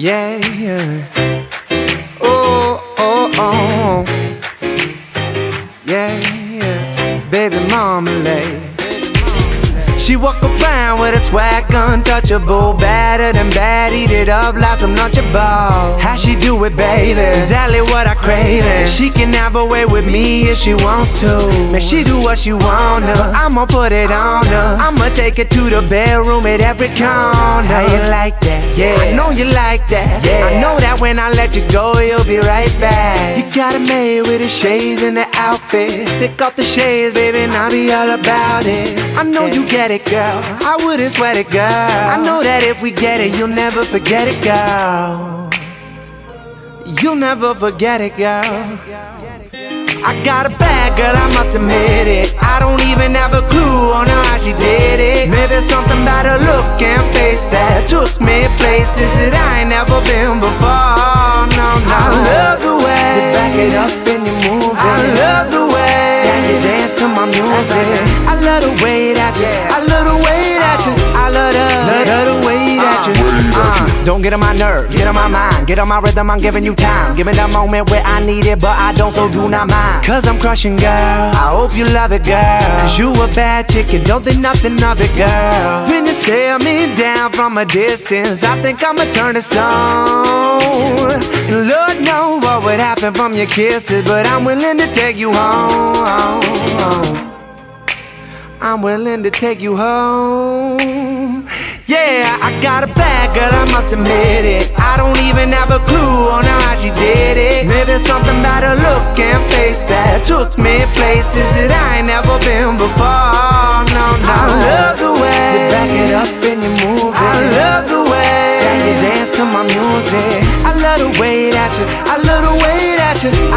Yeah, yeah. Oh, oh, oh. Yeah, yeah. Baby marmalade. She walk around with a swag untouchable Better than bad, eat it up like some Lunchable How she do it, baby? Exactly what I crave She can have a way with me if she wants to Man, she do what she wanna I'ma put it on her I'ma take it to the bedroom at every corner How you like that? Yeah I know you like that Yeah I know that that when I let you go, you'll be right back. You got a maid with the shades and the outfit. Take off the shades, baby, and I'll be all about it. I know you get it, girl. I wouldn't sweat it, girl. I know that if we get it, you'll never forget it, girl. You'll never forget it, girl. I got a bad girl, I must admit it I don't even have a clue on how she did it Maybe something about her look and face that Took me places that I ain't never been before I love the way that you, I love the way that you, I love the, love the way that you. Uh, uh don't get on my nerves, get on my mind, get on my rhythm, I'm giving you time. Giving that moment where I need it, but I don't, so do not mind. Cause I'm crushing, girl. I hope you love it, girl. Cause you a bad chicken, don't think nothing of it, girl. When you stare me down from a distance, I think I'ma turn to stone. And Lord knows what would happen from your kisses, but I'm willing to take you home. I'm willing to take you home. Yeah, I got a bag, girl, I must admit it. I don't even have a clue on how she did it. Maybe something about her look and face that took me places that I ain't never been before. No, no. I love the way you back it up and you move it. I love the way that you dance to my music. I love the way that you, I love the way that you.